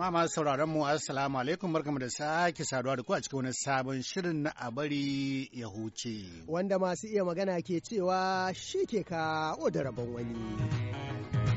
Jama'a masu sauraron mu assalamu alaikum barkamu da sake saduwa da ku a cikin wani sabon shirin na a bari ya huce. Wanda masu iya magana ke cewa shi ke ka da rabon wani.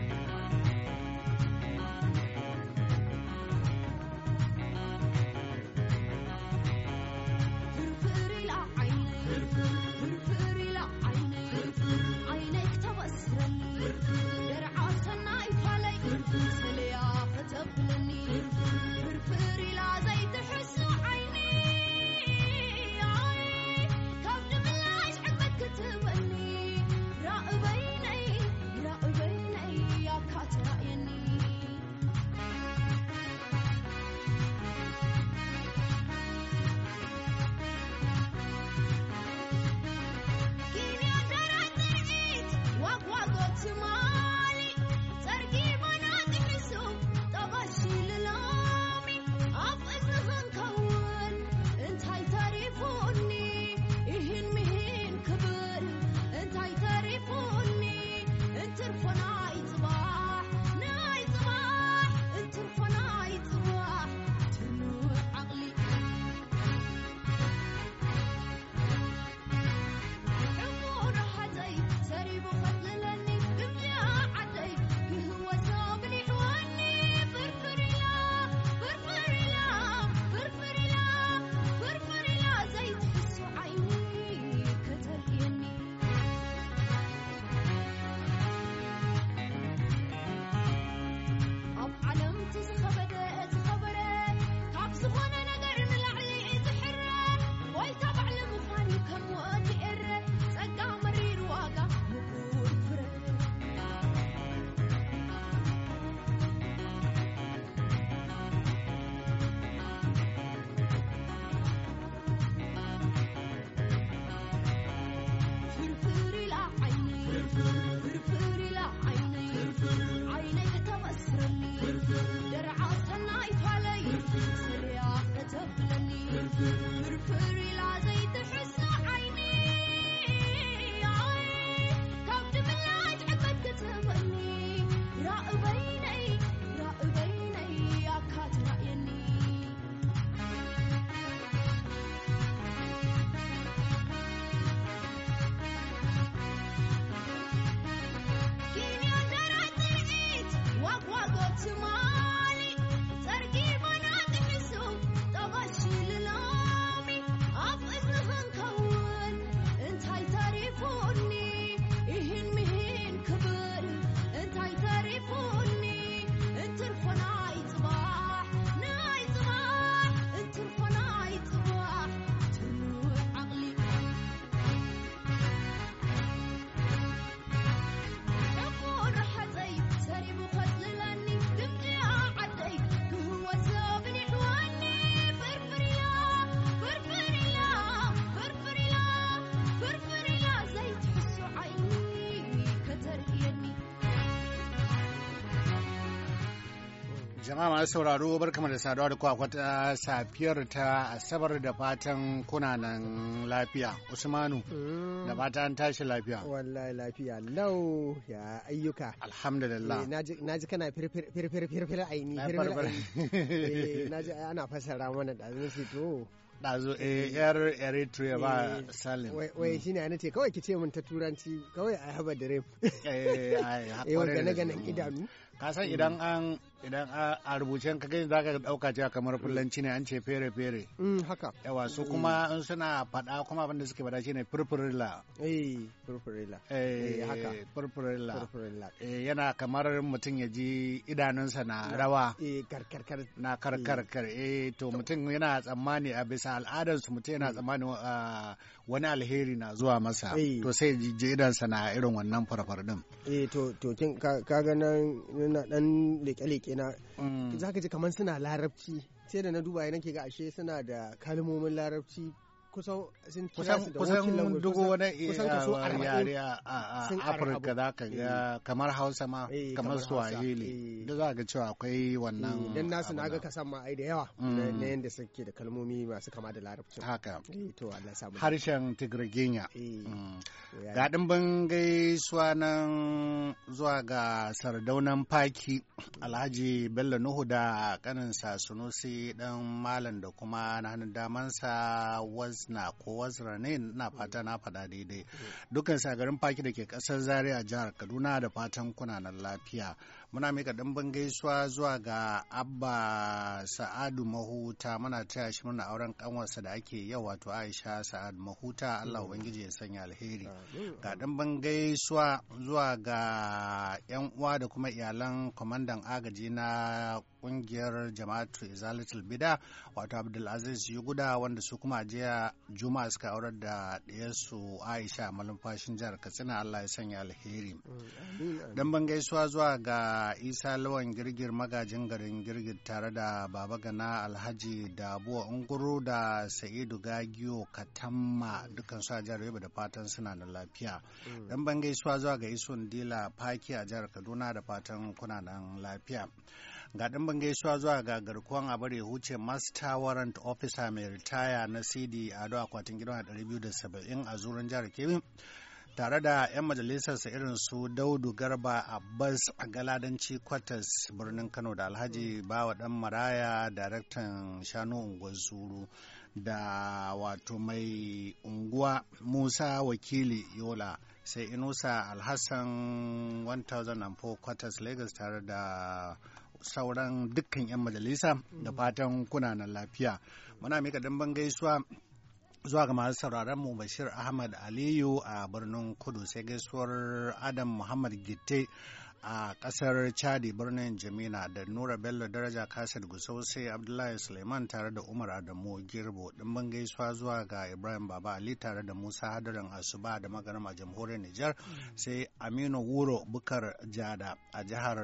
Jama'a masu sauraro barkamu da saduwa da kwa kwata safiyar ta Asabar da fatan kuna nan lafiya. Usmanu mm. da fatan tashi lafiya. Wallahi lafiya lau ya ayyuka. Alhamdulillah. Eh, na ji kana firfirfirfir aini. Na eh, ji ana fasara mana da zai to. ɗazu a eh, yar eritrea ba salim wai mm. shine ana ce kawai ki ce mun ta turanci kawai a haba da rem eh wanda na ganin mm. idanu ka san idan an idan a rubuce ka gani za ka ɗauka cewa kamar fulanci ne an ce fere fere mm, haka yawa su mm. kuma in suna faɗa kuma abinda suke fada shine furfurilla eh furfurilla eh, eh haka furfurilla eh yana kamar mutum ya ji idanunsa na rawa eh karkarkar na karkarkar eh, eh to mutum yana tsammani a bisa al'adarsu mutum yana mm. tsammani ah, wani alheri na zuwa masa eh. to sai je na irin wannan farfar din eh to to kin ga nan dan leke-leke na mm. zaka ji kamar suna larabci sai da na duba nake ga ashe suna da kalmomin larabci kusan sun kira kusan wani eh, yare a afirka za ka ga eh. kamar hausa ma eh, kamar swahili da za ga cewa akwai wannan dan nasu na ga kasan ma ai da yawa mm. na yanda suke da kalmomi masu kama da larabci haka to Allah samu harshen tigriginya mm. ga dimbin gaisuwa nan zuwa ga sardaunan faki alhaji bello nuhu da sa sunusi dan malam da kuma na hannun damansa wasu na ko wazira ne na fata na faɗa daidai dukkan sa garin faki da ke ƙasar zaria jihar kaduna da fatan kunanan lafiya muna mika ɗimbin gaisuwa zuwa ga abba sa'adu mahuta muna taya shi muna auren kanwarsa da ake yau wato aisha Sa'adu mahuta allah ubangiji ya sanya alheri ga ɗimbin gaisuwa zuwa ga yan uwa da kuma iyalan kwamandan agaji na kungiyar jama'atu izalatul bida wato abdulaziz yuguda wanda su kuma jiya juma'a suka aurar da su aisha malumfashin jihar katsina allah ya sanya alheri Don ban gaisuwa zuwa ga isa lawan girgir magajin garin girgir tare da baba gana alhaji da abuwa unguru da sa'idu gagiyo katamma dukkan su a jihar yobe da fatan suna da lafiya mm. Don ban gaisuwa zuwa ga isun dila paki a jihar kaduna da fatan kuna nan lafiya ga ɗimbin gaisuwa zuwa ga garkuwan abar ya huce master warrant officer mai ritaya na cd a ado akwatin gidan 270 a zurin jihar kebbi tare da 'yan majalisarsa irin su daudu garba abbas a galadanci kwatas birnin kano da alhaji bawa dan maraya daraktan shanu unguwar suru da wato mai unguwa musa wakili yola sai inusa alhassan 1004 kwatas lagos tare da sauran dukkan 'yan majalisa da mm. fatan kuna nan lafiya. Muna mika dimban gaisuwa zuwa ga masu sauraron mu Bashir Ahmad Aliyu a birnin Kudu sai gaisuwar Adam Muhammad Gitte a kasar chadi birnin jamina da nura bello daraja kasar gusau sai abdullahi suleiman tare da umar adamu girbo dimbin gaisuwa zuwa ga ibrahim baba ali tare da musa hadarin asuba da magarama a jamhuriyar nijar sai aminu wuro bukar jada a jihar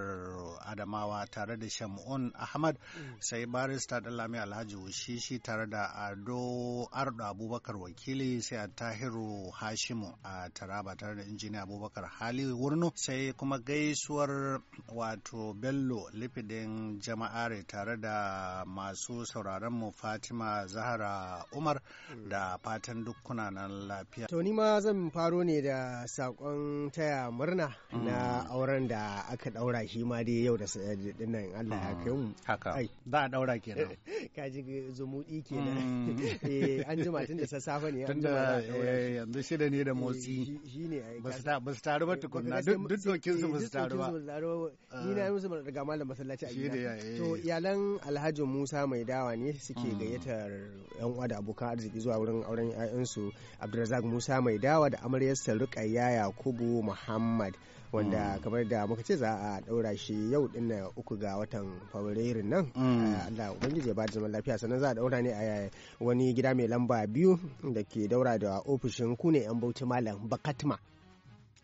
adamawa tare da shamun ahmad sai barista dalami alhaji wushishi tare da ado ardo abubakar wakili sai a tahiru hashimu a taraba tare da injiniya abubakar hali wurnu sai kuma gaisu Kasuwar wato bello lifidin jama'are tare da masu sauraronmu fatima zahara umar mm. da fatan dukkuna nan lafiya to ni ma zan faro ne da sakon taya murna na mm. auren da aka daura shi ma dai yau da eh, dinnan allah ya kai mu mm. haka za a daura kenan kaji zumudi kenan eh an jima tun da sassafe ne an jima eh, yanzu shida ne da motsi eh, ba su taru ba tukunna duk dokin su ba su taru musu taro ni na musu ah. daga malam masallaci a gida eh. to iyalan Alhaji Musa mai dawa ne suke hmm. gayyatar yan uwa da abokan arziki zuwa wurin auren ƴaƴan su Abdulrazak Musa mai dawa da amaryarsa Ruqayya Yakubu Muhammad wanda hmm. kamar da muka ce za a daura shi yau din uku ga watan Fabrairu nan hmm. eh, Allah ubangiji ya ba da zaman lafiya sannan za a daura ne a wani gida mai lamba biyu da ke daura da ofishin kune yan bauchi malam Bakatma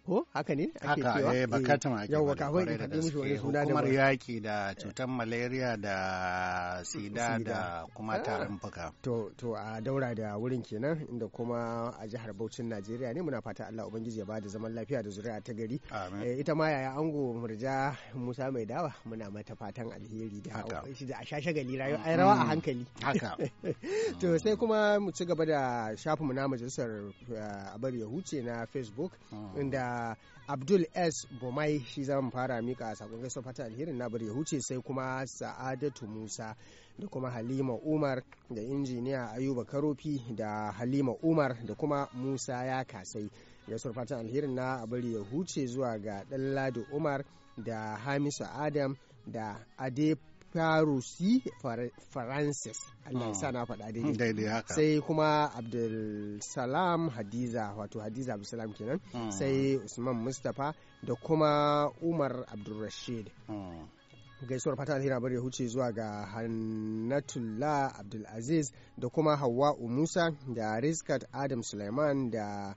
ko haka ne ake cewa haka eh bakatan eh, ake yawa kafin in faɗi mishi wani suna da hukumar yaki da eh. cutar malaria da sida da kuma ah. tarin fuka to to a daura da wurin kenan inda kuma a jihar Bauchin Najeriya ne muna fata Allah ubangiji ya bada zaman lafiya da zuri'a ta gari eh, ita ma yaya ango murja Musa mai dawa muna mata fatan alheri da shi da a shagali rayu mm. ai rawa a hankali haka to sai kuma mu ci gaba da mu na majalisar abar ya huce na Facebook mm. inda Uh, abdul s bomai shi mu fara mika sakon gaisuwa fata alherin na ya huce sai kuma sa'adatu musa da kuma halima umar da injiniya ayuba karofi da halima umar da kuma musa ya kasai gaisuwar fata alherin na bari ya huce zuwa ga ɗanladi umar da hamisu adam da adep Farusi Francis Allah ya na faɗa daidai mm, sai kuma Abdulsalam Hadiza wato Hadiza Abdulsalam kenan mm. sai Usman Mustapha da kuma Umar Abdulrashid mm. gaisuwar fata alhira bari ya huce zuwa ga Hannatullah Abdulaziz da kuma hawa Musa da Rizkat Adam Suleiman da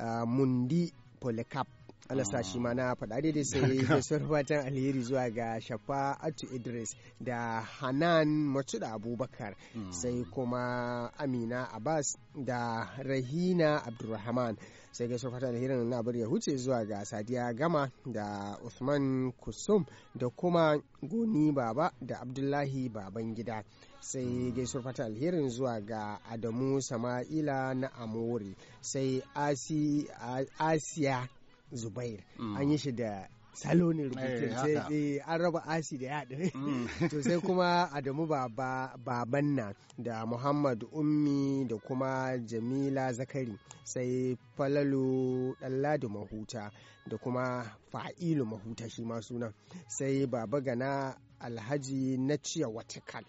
uh, Mundi Polycarp Allah sa shi ma na faɗa daidai sai da fatan alheri zuwa ga shafa atu idris da hanan da abubakar mm. sai kuma amina abbas da rahina abdulrahman sai ga fatan alheri na bar ya huce zuwa ga sadiya gama da usman kusum da kuma goni baba da abdullahi baban gida sai gaisuwar mm. fata alherin zuwa ga adamu sama'ila na amori sai asiya zubair mm. an yi shi da salo ne rubutun eh, sai eh, an raba asi da yaɗi mm. to sai kuma adamu baban na da muhammad ummi da kuma jamila zakari sai falalu ɗanladi mahuta da kuma fa'ilu mahuta shi ma sunan sai baba gana alhaji na ciya watakal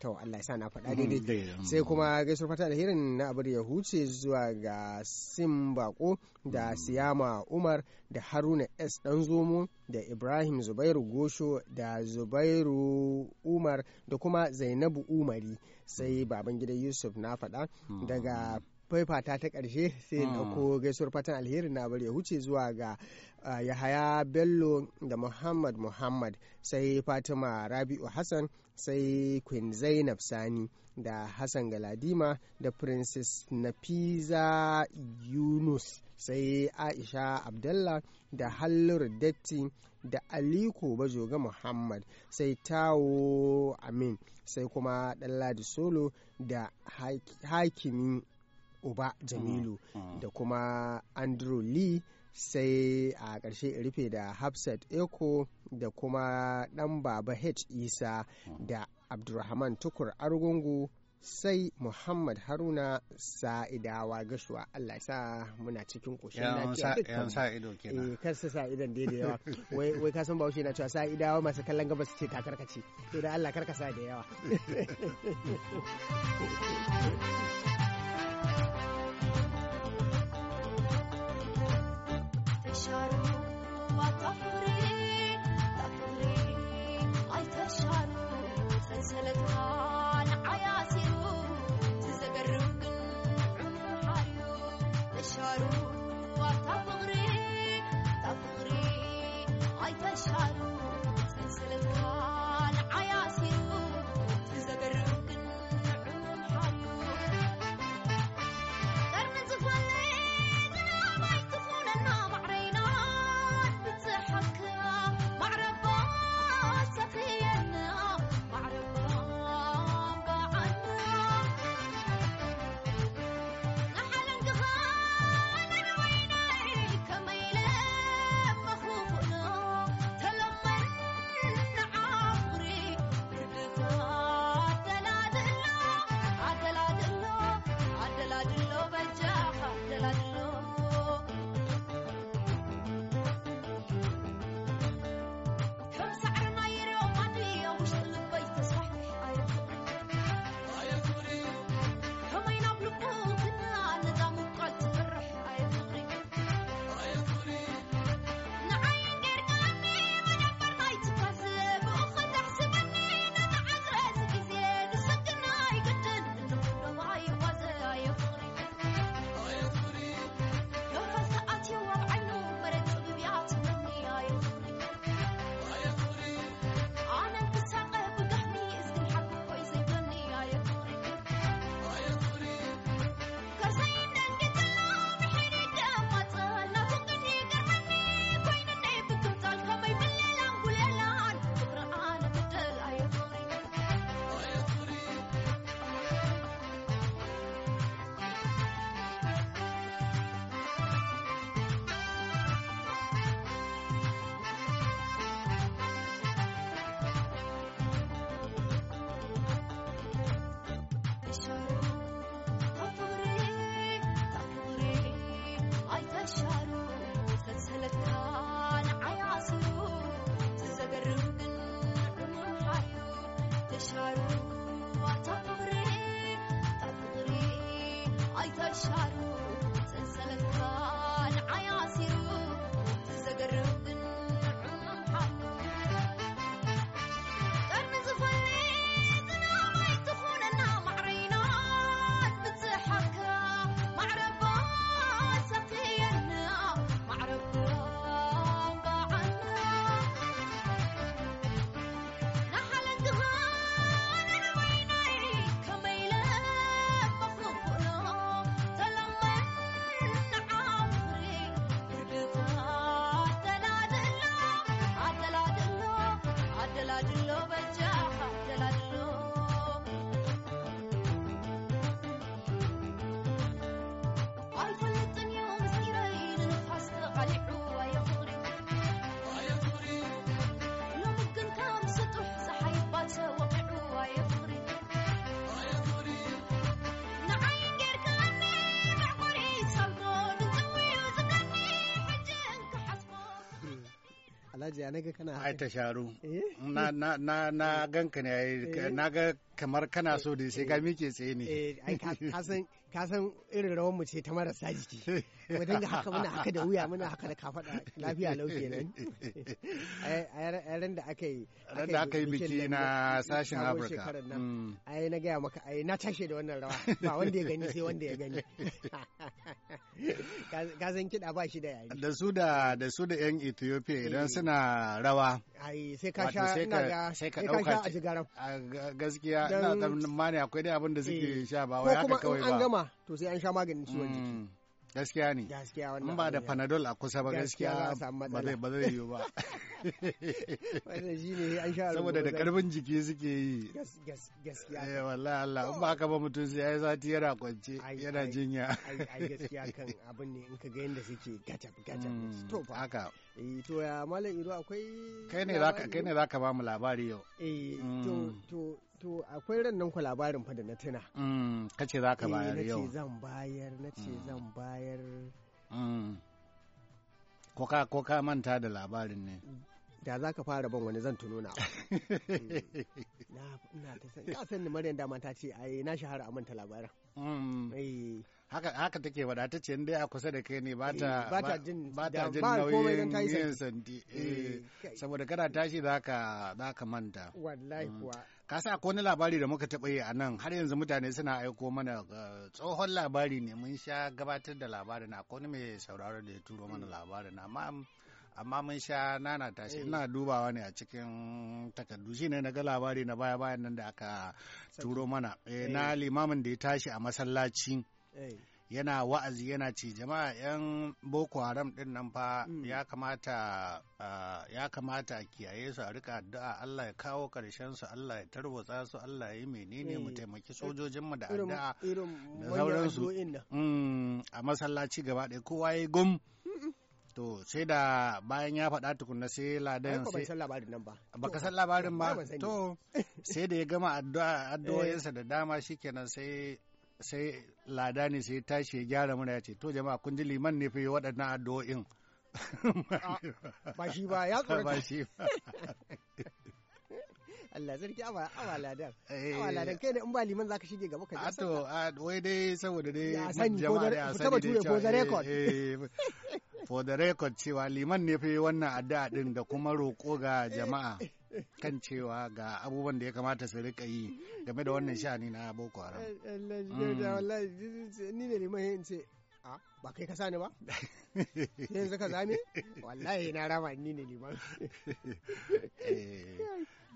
to Allah ya sa na faɗa mm, daidai mm. sai kuma gaisuwar fata da hirin na abar ya huce zuwa ga sim bako da mm. siyama umar da haruna s dan zomo da ibrahim zubairu gosho da zubairu umar da kuma zainabu umari sai baban gidan yusuf na faɗa daga faifata ta ƙarshe sai ko gaisuwar fatan alheri na bari ya huce zuwa ga yahaya bello da muhammad muhammad sai fatima rabi'u hassan sai queen zainab sani da hassan galadima da princess nafiza yunus sai aisha abdallah da hallur datti da aliko bajoga muhammad sai tawo amin sai kuma ɗanladi solo da hakimi uba jamilu mm, mm. da kuma andrew lee sai a ƙarshe rufe da hafsat eko da kuma ɗan baba h isa da abdulrahman tukur argungu sai Muhammad Haruna Sa'idawa gashuwa Allah sa muna cikin koshin lafiya dukkan sa sa idan eh, da yawa wai ka san Bahaushe na cewa Sa'idawa masu kallon gabas ce ta karkace to da Allah karka sa da yawa Alhaji ya naga kana ai ta sharu. Eh? Na na eh. ganka ne eh? na ga kamar kana so da sai ga mike tsaye ne. Eh ai ka san ka san irin rawar mu ce ta marasa jiki mu dinga haka muna haka da wuya muna haka da kafada lafiya lau kenan a ran da aka yi ran da aka yi biki na sashen Afirka mm. ai na gaya maka ai na tashe da wannan rawa ba wanda ya gani sai wanda ya gani ka san kiɗa ba shi da yari da su da da su da yan Ethiopia idan eh. suna rawa ai sai ka sha ina ga sai ka dauka a gaskiya ina mani akwai dai abin da suke eh. sha ba wai haka kawai ba to sai an sha maganin ciwon jiki mm, gaskiya ne gaskiya wannan ba da panadol a kusa ba gaskiya ba zai ba zai yiwu ba wannan shi ne an sha alwala. saboda da karfin jiki suke yi gaskiya eh wallahi Allah in ba haka ba mutum sai ai sati yana kwance yana jinya ai gaskiya kan abin ne in ka ga yanda suke gajab gajab mm, to fa haka eh to ya mallam Ido akwai kai ne zaka kai ne zaka ba mu labari yau eh to mm. to to akwai ran nan labarin fa da na tuna mm, kace za ka eh, bayar yau na ce zan bayar na ce mm. zan bayar mm. ko ka manta da labarin ne da za ka fara ban wani zan tuno na na ta san ka san ni Maryam dama ta ce ai na shahara a manta labarin eh. haka haka take wada ta ce dai a kusa da kai ne ba ta eh, ba ta jin nauyin yin sandi. saboda kana tashi za ka za ka manta wallahi kuwa ka sa ko wani labari da muka taɓa yi a nan har yanzu mutane suna aiko mana eh, tsohon labari ne mun sha gabatar da labarin na wani mai sauraro da ya turo mana labarin na amma mun sha nana tashi eh. ina dubawa ne a cikin takardu shi ne na ga labari na baya bayan nan da aka turo mana eh, na limamin da ya tashi a masallaci yana wa'azi yana ce jama'a 'yan boko haram din nan fa mm. ya kamata ya kamata a kiyaye su a rika addu'a Allah ya kawo karshen su Allah ya tarwatsa su Allah ya yi menene mu eh, taimaki eh, sojojin mu da addu'a da sauransu mm, a masallaci gaba ɗaya kowa ya gum to sai da bayan ya faɗa tukunna sai ladan sai san labarin nan ba baka san labarin ba to sai da ya gama eh. addu'o'insa da dama shikenan sai sai lada ne sai tashi ya gyara mana ya ce to jama'a kun ji liman ne fi waɗannan addu'o'in ba shi ba ya tsorata ba shi ba Allah sarki awa awa ladan eh. a ladan kai ne in ba liman zaka shige gaba ka A to wai dai saboda dai jama'a da sani dai for the record eh, eh, for the record cewa liman ne fi wannan addu'a din da kuma roƙo ga jama'a kan cewa ga abubuwan da ya kamata su rika yi game da wannan sha'ani na boko haram mm. ni da liman ce ba kai kasa ne ba yanzu ka zame wallahi na rama ni ne liman eh,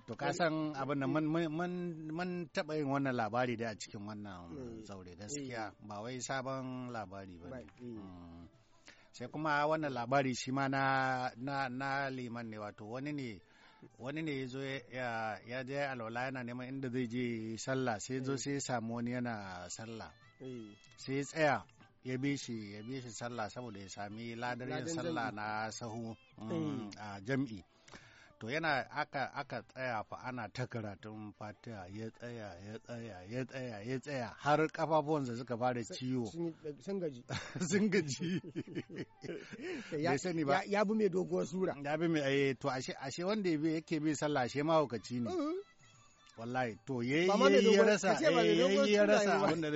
to ka san abin da man taɓa yin wannan labari da a cikin wannan mm. zaure mm. gaskiya ba wai sabon labari ba sai kuma wannan labari shi ma na liman ne wato wani ne wani ne ya zo ya je alwala yana neman inda zai je sallah sai zo eh. sai ya samu wani yana sallah eh. sai ya tsaya ya bi shi ya bi shi sallah saboda ya sami ladar yin sallah na sahu mm, eh. a jam'i to yana aka aka tsaya fa ana ta karatun fatiha ya tsaya ya tsaya ya tsaya ya tsaya har kafafuwansa suka fara ciwo sun gaji sun gaji ya sani ba ya bi mai doguwar sura ya bi mai eh, to ashe ashe wanda yake bi sallah ashe hukaci ne mm-hmm. wallahi to yayi ya eh, rasa yayi ya rasa wanda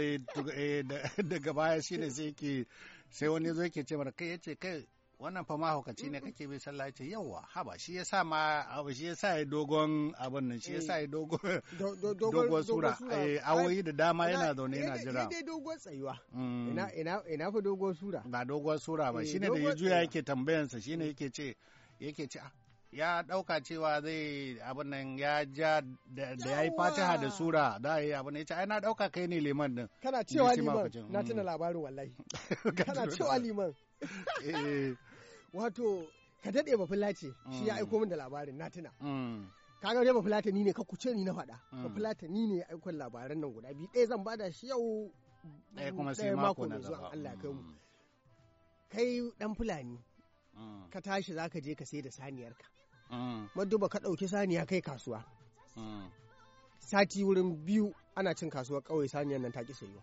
daga baya shine sai yake sai wani zo yake ce mara kai yace kai wannan fa mahaukaci ne kake bin sallah ce yawa haba shi ya sa ma abu shi sa ya dogon abin nan shi sa ya eh, dogon dogon sura eh, awoyi da dama yana zaune yana jira ina dogon tsayuwa mm. ina ina ina fa dogon sura ba dogon sura ba eh, shine da ya juya yake tambayansa shine yake ce yake ce ah, ya ɗauka cewa zai abin nan ya ja da ya yi fatiha da sura da yayi yi abin ya ce ai na ɗauka kai ne liman din kana cewa liman na tuna mm. labarin wallahi kana cewa liman Eh, wato ka daɗe ba fulace shi ya aiko min da labarin na tuna mm. mm. kaga dai ba ni ne ka kuce ni na faɗa mm. ba ni ne ya aiko labaran nan guda biyu ɗaya zan bada shi yau ɗaya kuma sai mako na zuwa Allah kai mu kai dan fulani ka tashi zaka je ka sai da saniyarka maduba ka ɗauki saniya kai kasuwa sati wurin biyu ana cin kasuwa kawai saniyar nan ta ƙi sayo.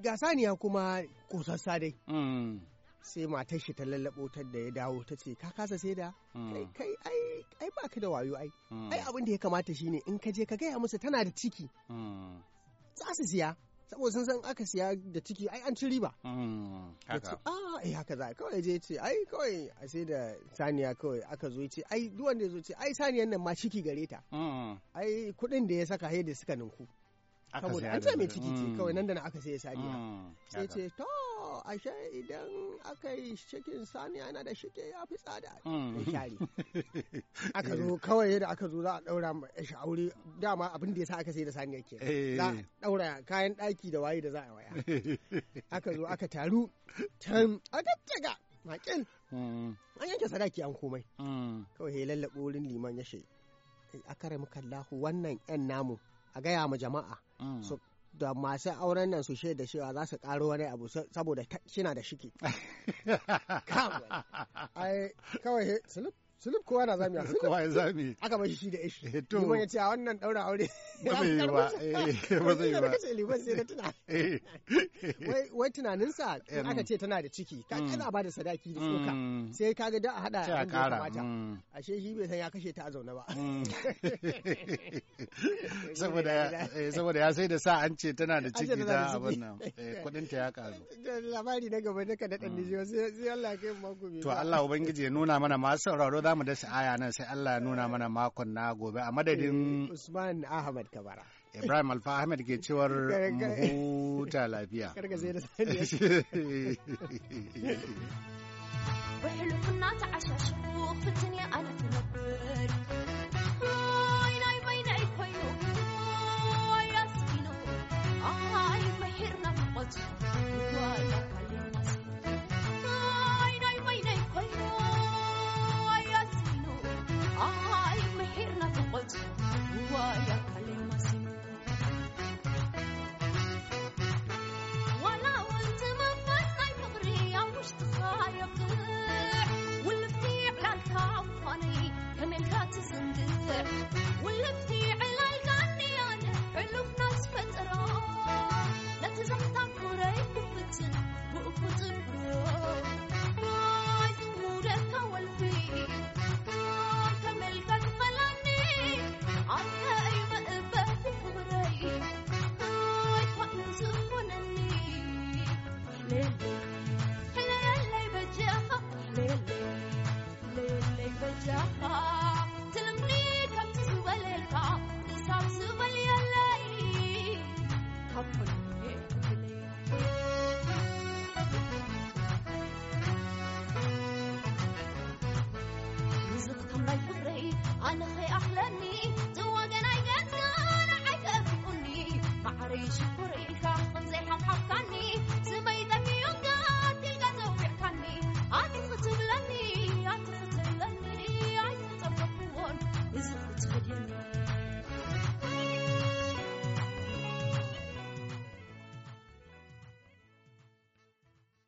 ga saniya kuma kosassa dai mm. sai matar shi ta lallabo ta da ya dawo ta ce ka kasa sai da mm. kai ai ai ba ka da wayo ai mm. ai abin da ya kamata shine in ka je ka gaya musu tana da ciki za su siya saboda sun san aka siya da ciki ai an ci riba haka ah eh, haka za kawai je ce ai kawai a sai da saniya kawai aka zo ce ai duwanda ya zo ce ai saniyan nan ma ciki gare ta ai kuɗin da ya saka da suka ninku saboda an ce mai ciki mm. kawai nan da na aka mm. sai saniya sai ce to ashe idan aka yi cikin saniya na da shike ya fi tsada mm. aka zo kawai yadda aka zo za a daura shi aure dama abin da ya sa aka sai da saniya ke eh. za a daura kayan daki da waye da za a waya aka zo aka taru can a tattaga makil an yanke sadaki an komai kawai ya lallaɓo wurin liman ya shi a kare muka lahu wannan yan namu a gaya ma jama'a Mm. da masu auren nan su she da cewa za su karo wani abu saboda shina da shiki. Kawai, ai, Sulub kowa na zami a sulub. Kowa ya zami. Aka bashi shi da ishi. Eh, to. Liman ya ce a wannan ɗaura aure. Ba zai yi ba. Eh, eh, ba zai yi ba. Kace liman sai na tuna. Wai tunaninsa in aka mm. ce tana da ciki. Ka kana mm. ba da sadaki da tsoka. Mm. Sai ka ga da a haɗa a kamata. Ashe shi bai san ya kashe ta a zaune ba. Saboda ya sai da sa an ce tana da ciki ta abin nan. Kuɗin ta ya karu. Labari na gaba na ka daɗa Nijiyo sai Allah ya kai mako. To Allah Ubangiji ya nuna mana masu sauraro za mu dasa aya nan sai Allah nuna mana makon na gobe a madadin eh, Usman Ahmad Kabara. Ibrahim Alfa Ahmed ke cewar mu huta lafiya. Thank you.